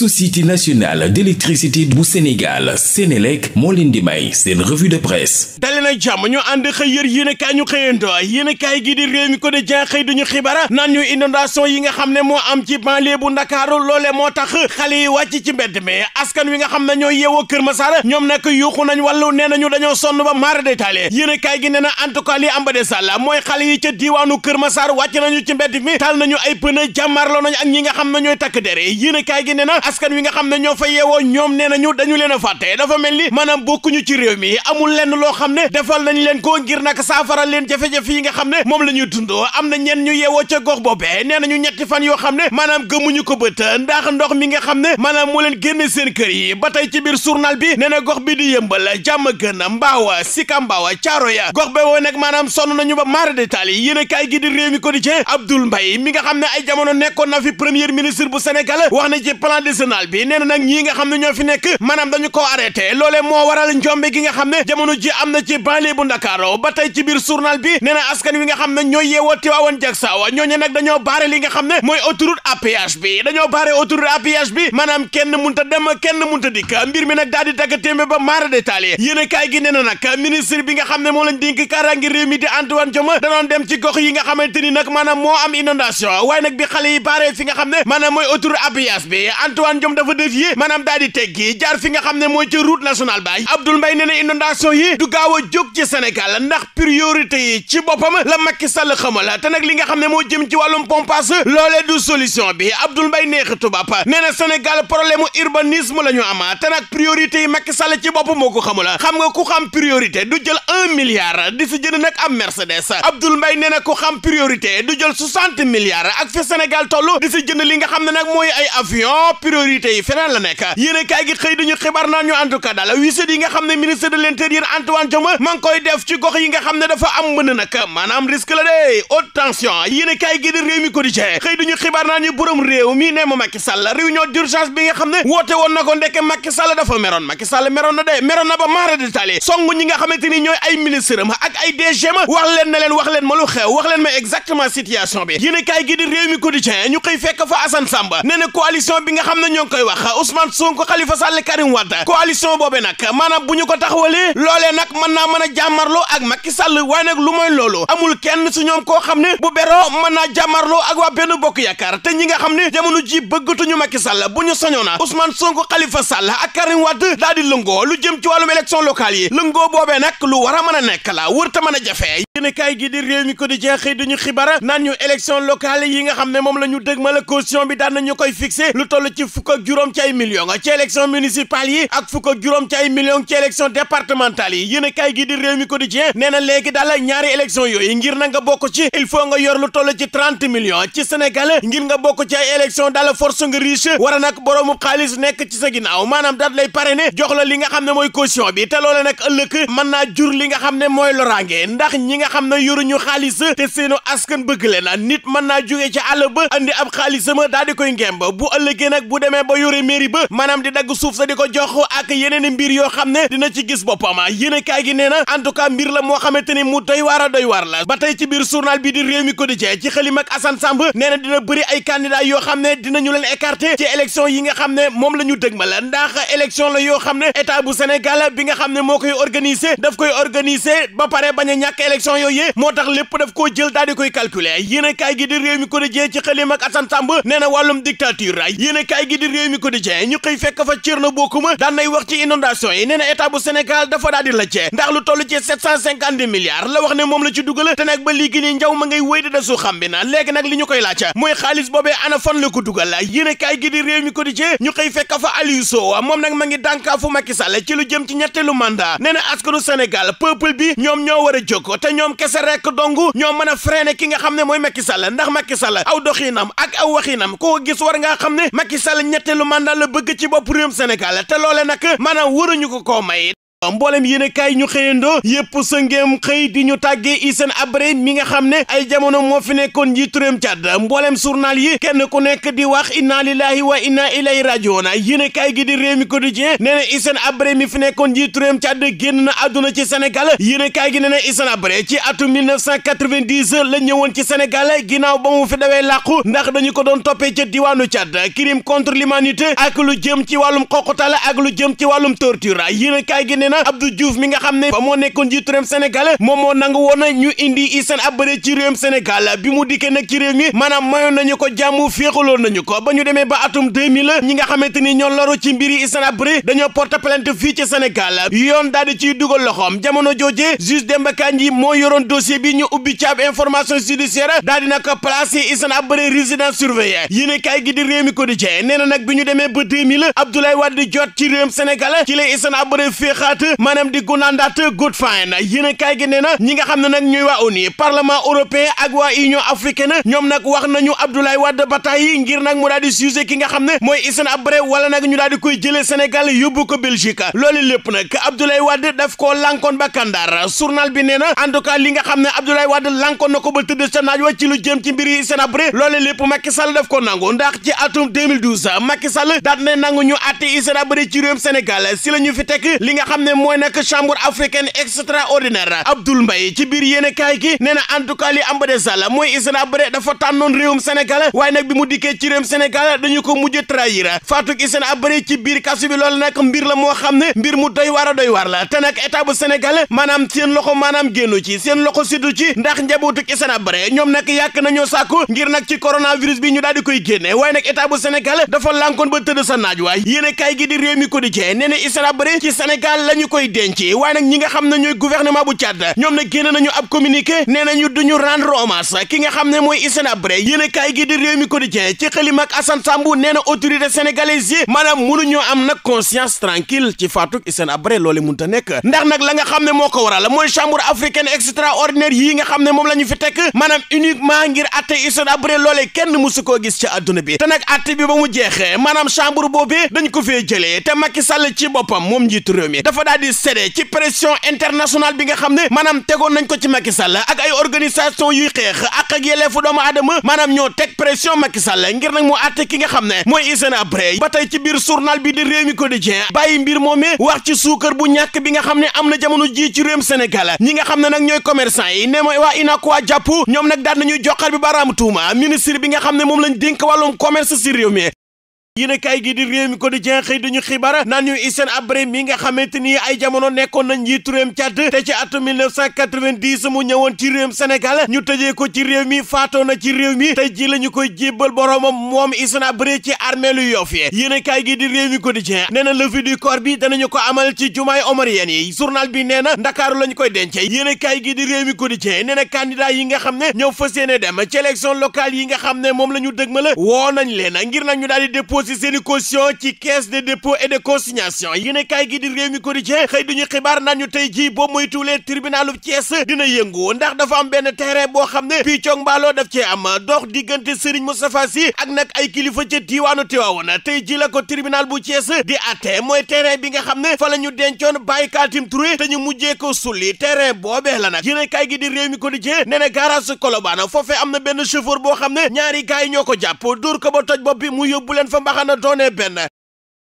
société nationale d'électricité bu Sénégal Sénélec moo leen di may seen revue de presse dali jàmm ñu ànd xëy yër yéen ñu xëyanto yéen gi di réew mi ko di jen xëy duñu xibara naan ñu inondation yi nga xam ne moo am ci banlieue Ndakaaru loole moo tax xale yi wàcc ci mbedd mi askan wi nga xam ne ñoo yeewoo Kër Masar ñoom nag yuuxu nañ wàllu nee nañu dañoo sonn ba maara détaale yéen a kaay gi nee na en tout cas li amba de sàll mooy xale na askan wi nga xam ne ñoo fa yeewoo ñoom nee nañu dañu leen a fàtte dafa mel ni maanaam bokkuñu ci réew mi amul lenn loo xam ne defal nañ leen ko ngir nag saafara leen jafe yi nga xam ne moom la ñuy dund am na ñenn ñu yeewoo ca gox boobee nee na ñu ñetti fan yoo xam ne maanaam gëmuñu ko bët ndax ndox mi nga xam ne maanaam moo leen génne seen kër yi ba tey ci biir journal bi nee na gox bi di yëmbal jàmm gën mbaawa sikambaawa caaro ya gox be woo nag maanaam sonn nañu ba maara détail yi yéen kaay gi di réew mi quotidien Abdoul Mbaye mi nga xam ne ay jamono nekkoon na fi premier ministre bu Sénégal wax na ci plan de national bi nee na nag ñii nga xam ne ñoo fi nekk maanaam dañu ko arrêté loolee moo waral njombe gi nga xam ne jamono ji am na ci banlieue bu Ndakaaru ba ci biir journal bi nee na wi nga xam ne ñooy yeewoo Tiwaawan Jaksaaw ñooñu nag dañoo baare li nga xam ne mooy autoroute à péage bi dañoo baare autoroute à péage bi maanaam kenn munta dem kenn munta dikk mbir mi nag daal di dagg témbe ba maara détaillé yéen a kaay gi nee na nag ministre bi nga xam ne moo lañ dénk kaaraange réew mi di Antoine Diome danoon ni nag maanaam moo am inondation waaye nag bi xale yi baare fi nga xam Antoine Diome dafa dévier daal di teggi jaar fi nga xam ne mooy ca route nationale baay Abdoul Mbaye nee na inondation yi du gaaw a jóg ci Sénégal ndax priorité ci boppam la Macky Sall xamal te nag li nga xam ne moo jëm ci wàllum pompage loolee du solution bi Abdoul Mbaye neex tubaab nee na Sénégal problème urbanisme la ñu am te nag priorité yi Macky Sall ci boppam moo ko xamul xam nga ku xam priorité du jël un milliard di si jënd nag am Mercedes Abdoul Mbaye nee na ku xam priorité du jël soixante milliards ak fi Sénégal di si jënd li nga xam ne nag mooy ay priorité yi feneen ma Macky Sall réunion d'urgence bi nga xam ne woote woon na ko ndeke Macky dafa meroon Macky Sall meroon na de meroon na ba maara di tali ñi nga xamante ni ñooy ay ministre ma ak ay DG ma wax leen na leen wax leen ma xew wax leen ma exactement situation bi yéen a kaay gi di réew mi quotidien ñu xëy fekk fa Samba nee na bi nga xam ne ñoo koy wax Ousmane Sonko Khalifa Sall Karim Wade coalition boobee nag maanaam bu ñu ko taxawalee loolee nag mën naa mën a jàmmarloo ak Macky Sall waaye nag lu mooy loolu amul kenn si ñoom koo xam ne bu beroo mën naa jàmmarloo ak waa benn bokk yaakaar te ñi nga xam ne jamono ji bëggatuñu Macky Sall bu ñu soñoo na Ousmane Sonko Khalifa a ak Karim Wade daal di lëngoo lu jëm ci wàllum élection locale yi lëngoo boobee nag lu war a mën a nekk la wër te mën a jafe yéen kaay gi di réew mi ko di jeexee duñu xibaar naan ñu élection locale yi nga xam bi daan nañu koy fixé lu toll ci fukk ak juróom ci ay millions ci élection municipale yi ak fukk ak juróom ci ay millions ci élection départementale yi yéen a kaay gi di réew mi quotidien nee na léegi daal ñaari élection yooyu ngir na nga bokk ci il faut nga yor lu toll ci trente millions ci Sénégal ngir nga bokk ci ay élection daal force nga riche war a nag boroomu xaalis nekk ci sa ginnaaw maanaam daal lay parrainer jox la li nga xam ne mooy caution bi te loole nag ëllëg mën naa jur li nga xam demee ba yore mairie ba maanaam di dagg suuf sa di ko jox ak yeneen mbir yoo xam ne dina ci gis boppam yéene kaay gi nee na en tout cas mbir la moo xamante ni mu doy waar a doy waar la ba tey ci biir journal bi di réew mi quotidien ci xëlim ak Assane Samb nee na dina bëri ay candidat yoo xam ne dinañu leen ci élection yi nga xam ne moom la ñu dëgmal ndax élection la yoo xam ne état bu Sénégal bi nga xam ne moo koy organiser daf koy organiser ba pare bañ ñàkk élection yooyu moo tax lépp daf koo jël daal di koy calculer yéene kaay gi di réew mi quotidien ci xëlim nee na wàllum dictature yéene kaay gi di réew mi quotidien ñu xëy fekk fa Thierno Bocoum daan nay wax ci inondation yi nee na état dafa daal di lajjee ndax lu toll ci 750 milliards la wax ne moom la ci dugal te nag ba léegi nii njaw ma ngay wéy xam bi na léegi nag li ñu koy laaj mooy xaalis boobee ana fan la ko dugal yéen a kaay gi di réew mi quotidien ñu xëy fekk fa Aliou Sow moom nag ma ngi dànkaafu Macky ci lu jëm ci ñetteelu mandat nee na askanu Sénégal peuple ñoo war a jóg te ñoom kese rek dong ñoo mën a freiné ki nga xam ne mooy Macky Sall ndax Macky Sall aw doxinam ak aw waxinam ko gis war ñetteelu mandat la bëgg ci bopp réewum Sénégal te loole nag maanaam waruñu ko koo may mboolem yéen kaay ñu xëyeendoo yëpp sa ngéem xëy di ñu tàggee Hissène Habré mi nga xam ne ay jamono moo fi nekkoon njiitu réewum Tchad mboolem journal yi kenn ku nekk di wax inna lillahi wa inna ilayhi rajiun yéen kaay gi di Rewmi Quotidien nee na Hissène Habré mi fi nekkoon njiitu réewum Tchad génn na àdduna ci Sénégal yéen kaay gi nee na Hissène Habré ci atum 1990 la ñëwoon ci Sénégal ginnaaw ba mu fi dawee làqu ndax dañu ko doon toppee ca diwaanu Tchad crime contre l'humanité ak lu jëm ci wàllum xoqotal ak lu jëm ci wàllum torture yéen kaay na Abdou Diouf mi nga xam ne ba moo nekkoon njiitu réewum Sénégal moom moo nangu woon ñu indi Hissène Habré ci réewum Sénégal bi mu dikkee nag ci réew mi maanaam mayoon nañu ko jàmm féexaloon nañu ko ba ñu demee ba atum 2000 ñi nga xamante ni ñoo laro ci mbiri Hissène Habré dañoo porte plainte fii ci Sénégal yoon daal di ciy dugal loxoom jamono jooje juge Demba Kandji moo yoroon dossier bi ñu ubbi ci ab information judiciaire daal di na ko placé Hissène Habré résidence surveillée nee na nag bi ñu demee ba 2000 Abdoulaye Wade jot ci réewum Sénégal ci la Hissène Habré féexaat nandaat maanaam di gu nandaat good fine yéen kaay gi nee ñi nga xam ne nag ñuy waa ONU parlement européen ak waa union africaine ñoom nag wax na ñu Wade bataay yi ngir nag mu daal di ki nga xam ne mooy Hissène Habré wala nag ñu daal di koy jëlee Sénégal yóbbu ko Belgique loolu lépp nag Abdoulaye Wade daf koo lànkoon ba kandaar journal bi nee na en tout cas li nga xam ne Abdoulaye Wade lànkoon na ko ba tëdd ca naaj wa ci lu jëm ci mbiri Hissène Habré loolu lépp ko nangu ndax ci atum 2012 Macky Sall daat ne nangu ñu àtte Hissène la fi tekk li ne mooy nag chambre africaine extraordinaire Abdoul mbay ci biir yéen a kaay gi nee na en tout cas li am ba des daal mooy Hissène dafa tànnoon réewum Sénégal waaye nag bi mu dikkee ci réewum Sénégal dañu ko mujj trahir Fatou Hissène Habré ci biir kaso bi loolu nag mbir la moo xam ne mbir mu doy waar a doy waar la te nag état bu Sénégal maanaam seen loxo maanaam génnu ci seen loxo siddu ci ndax njabootu Hissène Habré ñoom nag yàq nañoo sàkku ngir nag ci coronavirus bi ñu daal di koy génne waaye nag état bu Sénégal dafa lànkoon sa naaj waay yéen a kaay di réew mi quotidien nee na ci Sénégal ñu koy denc waaye nag ñi nga xam na ñooy gouvernement bu Tchad ñoom nag génne nañu ab communiqué nee nañu duñu rendre hommage ki nga xam ne mooy Hissène Habré yéen a kaay gi di réew mi quotidien ci xalima ak Assane Sambou nee na autorité sénégalaise yi maanaam mënuñoo am nag conscience tranquille ci faatuk Hissène Habré loole mënta nekk ndax nag la nga xam ne moo ko waral mooy chambre africaine extraordinaire yi nga xam ne moom la ñu fi tekk maanaam uniquement ngir atte Hissène Habré loole kenn musu koo gis ci àdduna bi te nag atte bi ba mu jeexee maanaam chambre boobee dañ ko fee jëlee te Macky Sall ci boppam moom njiitu réew mi adi di ci pression internationale bi nga xam ne maanaam tegoon nañ ko ci Macky Sall ak ay organisation yuy xeex ak ak yelleefu doomu aadama maanaam ñoo teg pression Macky Sall ngir nag mu àtte ki nga xam ne mooy Hissène Habré ba tey ci biir journal bi di Rewmi Quotidien bàyyi mbir moomee wax ci suukar bu ñàkk bi nga xam ne am na jamono ji ci réewum Sénégal ñi nga xam ne nag ñooy commerçant yi ne mooy waa UNACOIS jàpp ñoom nag daan nañuy joxal bi baaraam t ministre bi nga xam ne moom lañ dénk wàllum commerce si réew yénekaay gi di réew mi ko di jeex xëy dañu xibaar naan ñu Hissène Habré mi nga xamante ni ay jamono nekkoon na njiitu réewum Tchad te ci atum 1990 mu ñëwoon ci réewum senegal ñu tëjee ko ci réew mi faatoo na ci réew mi tey ji la ñu koy jébbal boromam moom Hissène Habré ci armeelu Yoff yi yéen a kaay gi di réew mi ko di jeex nee du corps bi danañu ko amal ci jumaay omarienne yi journal bi nee na Ndakaaru lañu koy dencee yéen a kaay gi di réew mi ko di jeex nee yi nga xam ne ñoo fas yéene dem ci élection yi nga xam ne moom la ñu dëgmal woo nañ leen ngir nag ñu daal di déposé déposé seen i caution ci caisse de dépôt et de consignation yéen kaay gi di réew mi quotidien xëy duñu xibaar naan ñu tey jii boo moytuwulee tribunalu Thiès dina yëngu ndax dafa am benn terrain boo xam ne piccog mbaaloo daf cee am dox diggante Serigne Moustapha Sy ak nag ay kilifa ca diiwaanu Tiwaawoon tey jii la ko tribunal bu Thiès di àtte mooy terrain bi nga xam ne fa la ñu dencoon Baye Katim Touré te ñu mujjee ko sulli terrain boobee la nag yéen kaay gi di mbaxana doonee benn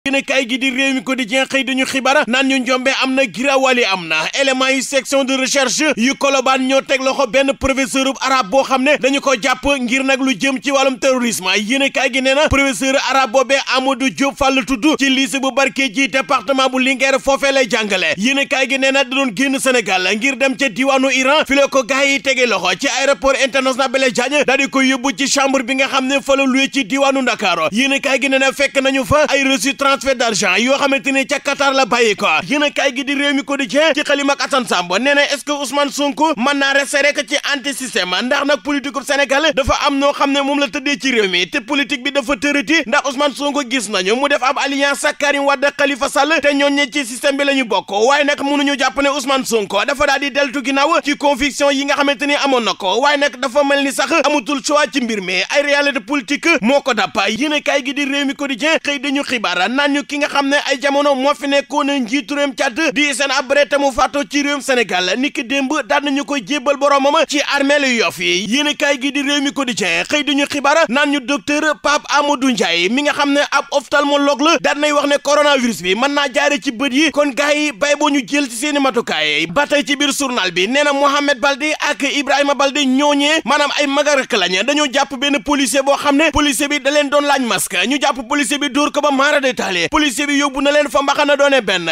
gën a kaay gi di réew mi quotidien xëy dañu xibaar naan ñu njombe am na girawali am na élément yi section de recherche yu kolobaan ñoo teg loxo benn professeur bu arabe boo xam ne dañu ko jàpp ngir nag lu jëm ci wàllum terrorisme yéen a kaay gi nee na professeur arabe boobee Amadou Diop Fall tudd ci lycée bu Barkédji département bu Linguère foofee lay jàngale yéen a kaay gi nee na da doon génn Sénégal ngir dem ca diwaanu Iran fi la ko gars yi tege loxo ci aéroport international ci chambre bi nga xam ne fa la luwe ci diwaanu a kaay gi fa transfert d'argent yoo xamante ni a kaay ndax nag politique bu dafa am noo xam ne moom la tëddee ci réew te politique bi dafa tërëti ndax Ousmane Sonko gis nañu mu def ab alliance ak Karim Wade Khalifa Sall te ñooñu ci système bi la ñu bokk waaye nag mënuñu jàpp ne Ousmane Sonko dafa daal deltu ginnaaw ci conviction yi nga xamante ni amoon na waaye nag dafa mel ni sax amutul choix ci mbir mi ay réalité politique moo ko dàpp yéen a kaay gi di réew mi quotidien xëy dañu xibaar naan ñu ki nga xam ne ay jamono moo fi nekkoon njiitu réewum Tchad di seen abré te mu faatu ci réewum Sénégal niki démb daan nañu koy jébbal boromam ci armeel yu Yoff yi yéenekaay gi di Rewmi Quotidien xëy duñu xibaar naan ñu docteur Pape Amadou Ndiaye mi nga xam ne ab oftal ophtalmologue la daan nay wax ne coronavirus bi mën naa jaare ci bët yi kon gars yi bay boo ñu jël ci seeni matukaay ba tey ci biir journal bi nee na Mohamed Balde ak Ibrahima Balde ñooñee maanaam ay magarak lañ dañoo jàpp benn policier boo xam ne policier bi da leen doon laaj masque ñu jàpp policier bi dóor ko ba maara de taal Italie policier bi yóbbu na leen fa mbaxana doone benn